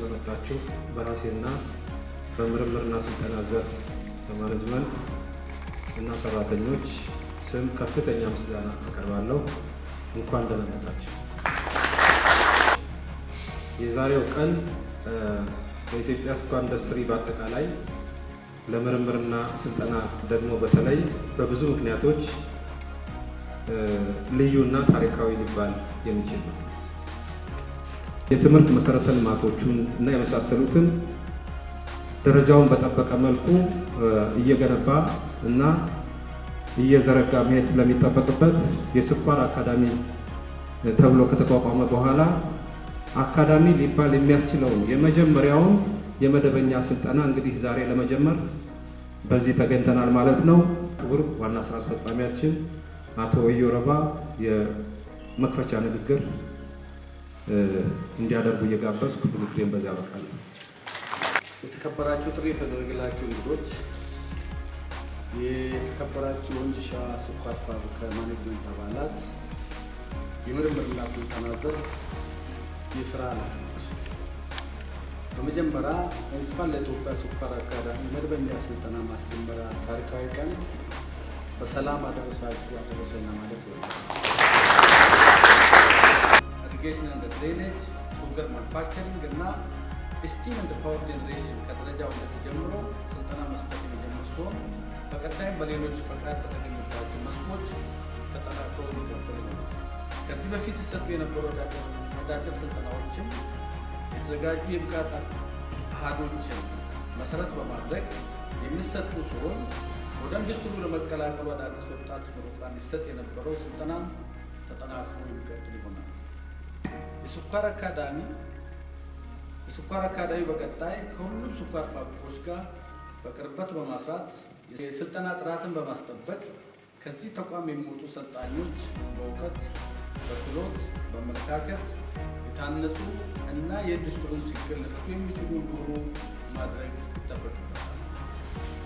ስለመጣችሁ በራሴና በምርምርና ስልጠና ዘርፍ በማኔጅመንት እና ሰራተኞች ስም ከፍተኛ ምስጋና አቀርባለሁ። እንኳን ደህና መጣችሁ። የዛሬው ቀን በኢትዮጵያ ስኳር ኢንዱስትሪ በአጠቃላይ ለምርምርና ስልጠና ደግሞ በተለይ በብዙ ምክንያቶች ልዩና ታሪካዊ ሊባል የሚችል ነው። የትምህርት መሰረተ ልማቶቹን እና የመሳሰሉትን ደረጃውን በጠበቀ መልኩ እየገነባ እና እየዘረጋ መሄድ ስለሚጠበቅበት የስኳር አካዳሚ ተብሎ ከተቋቋመ በኋላ አካዳሚ ሊባል የሚያስችለውን የመጀመሪያውን የመደበኛ ስልጠና እንግዲህ ዛሬ ለመጀመር በዚህ ተገኝተናል ማለት ነው። ክቡር ዋና ስራ አስፈጻሚያችን አቶ ወዮ ረባ የመክፈቻ ንግግር እንዲያደርጉ እየጋበዝኩ ንግግሬን በዚያ አበቃለሁ። የተከበራችሁ ጥሪ የተደረገላችሁ እንግዶች፣ የተከበራችሁ ወንጅሻ ስኳር ፋብሪካ ማኔጅመንት አባላት፣ የምርምርና ስልጠና ዘርፍ የስራ ኃላፊዎች፣ በመጀመሪያ እንኳን ለኢትዮጵያ ስኳር አካዳሚ መደበኛ ስልጠና ማስጀመሪያ ታሪካዊ ቀን በሰላም አደረሳችሁ አደረሰን ማለት ይወዳል። ኢሪጌሽን እንደ ድሬኔጅ፣ ሹገር ማኑፋክቸሪንግ እና ስቲም እንደ ፓወር ጄኔሬሽን ከደረጃ ሁለት ጀምሮ ስልጠና መስጠት የሚጀምር ሲሆን በቀጣይም በሌሎች ፈቃድ በተገኙባቸው መስኮች ተጠናክሮ የሚቀጥል ነው። ከዚህ በፊት ይሰጡ የነበሩ አጫጭር ስልጠናዎችም የተዘጋጁ የብቃት አሃዶችን መሰረት በማድረግ የሚሰጡ ሲሆን ወደ ኢንዱስትሪ ለመቀላቀሉ አዳዲስ ወጣት ምሩቃን ይሰጥ የነበረው ስልጠና ተጠናክሮ የሚቀጥል ይሆናል። የስኳር አካዳሚ የስኳር አካዳሚ በቀጣይ ከሁሉም ስኳር ፋብሪኮች ጋር በቅርበት በማስራት የስልጠና ጥራትን በማስጠበቅ ከዚህ ተቋም የሚወጡ ሰልጣኞች በእውቀት፣ በክህሎት፣ በአመለካከት የታነጹ እና የኢንዱስትሪውን ችግር ሊፈቱ የሚችሉ ኖሩ ማድረግ ይጠበቅበታል።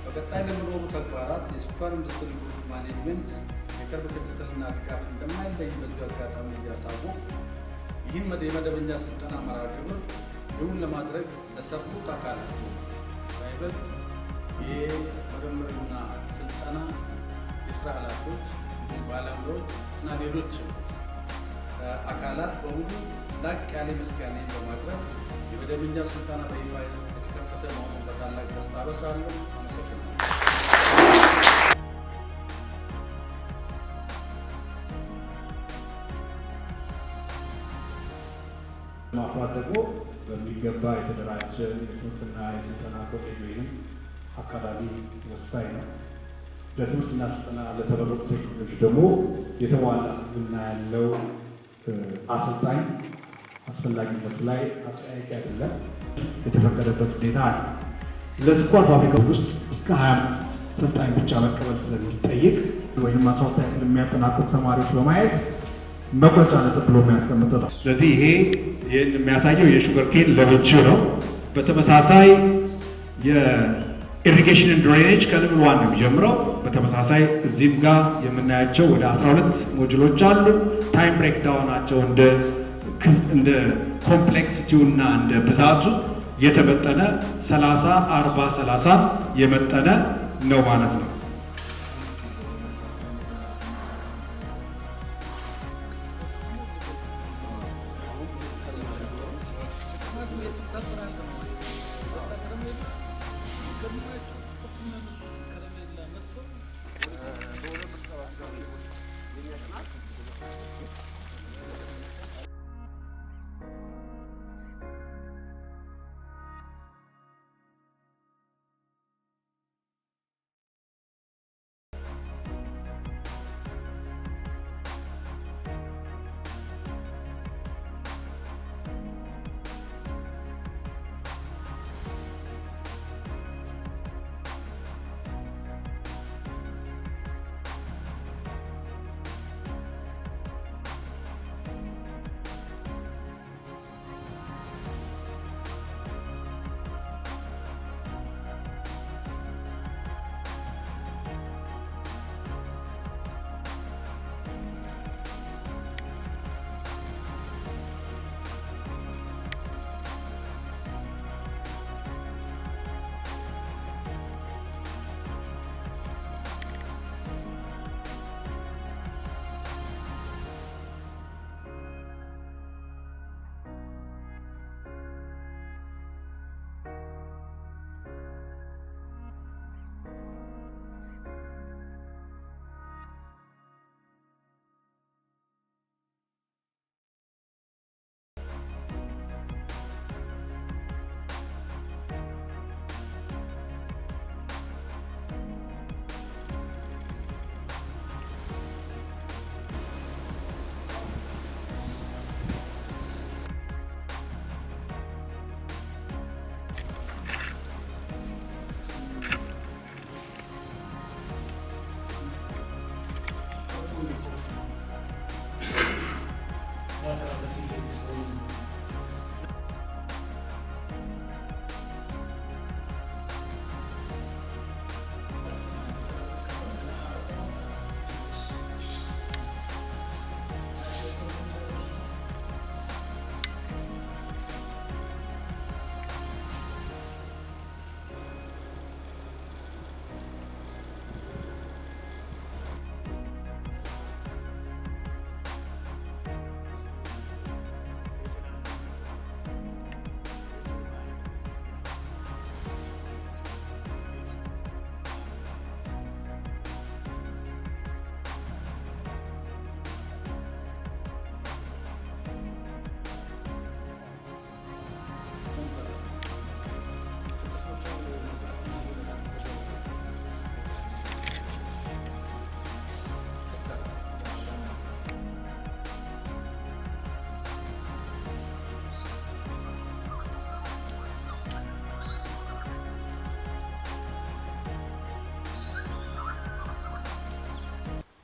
በቀጣይ ለሚኖሩ ተግባራት የስኳር ኢንዱስትሪ ማኔጅመንት የቅርብ ክትትልና ድጋፍ እንደማይለይ በዚሁ አጋጣሚ እያሳወቅ ይህን የመደበኛ ስልጠና መርሃ ግብር ይሁን ለማድረግ ለሰሩት አካላት ባይበልጥ የምርምርና ስልጠና የስራ ኃላፊዎች፣ ባለሙያዎች እና ሌሎች አካላት በሙሉ ላቅ ያለ ምስጋና በማቅረብ የመደበኛ ስልጠና በይፋ የተከፈተ መሆኑን በታላቅ ደስታ አበስራለሁ። አመሰግናለሁ። ማፍራት ደግሞ በሚገባ የተደራጀ የትምህርትና የስልጠና ኮሌጅ ወይም አካዳሚ ወሳኝ ነው። ለትምህርትና ስልጠና ለተመረጡ ቴክኖሎጂ ደግሞ የተሟላ ስብዕና ያለው አሰልጣኝ አስፈላጊነት ላይ አጠያቂ አይደለም የተፈቀደበት ሁኔታ አለ። ለስኳር ፋብሪካ ውስጥ እስከ 25 ሰልጣኝ ብቻ መቀበል ስለሚጠይቅ ወይም አስራ ሁለተኛ ክፍል የሚያጠናቅቁ ተማሪዎች በማየት መቁረጫ ነጥብ ብሎ የሚያስቀምጥ ነው። ስለዚህ ይሄ የሚያሳየው የሹገር ኬን ለብቹ ነው። በተመሳሳይ የኢሪጌሽንን ድሬኔጅ ከለብል ዋን ነው የሚጀምረው። በተመሳሳይ እዚህም ጋር የምናያቸው ወደ 12 ሞጁሎች አሉ። ታይም ብሬክ ዳውናቸው እንደ ኮምፕሌክሲቲው እና እንደ ብዛቱ የተመጠነ 30 40 30 የመጠነ ነው ማለት ነው። የስብከት ደስታ ከረሜላ የሚቀድማቸው ስፖርትና ከረሜላ መጥቶ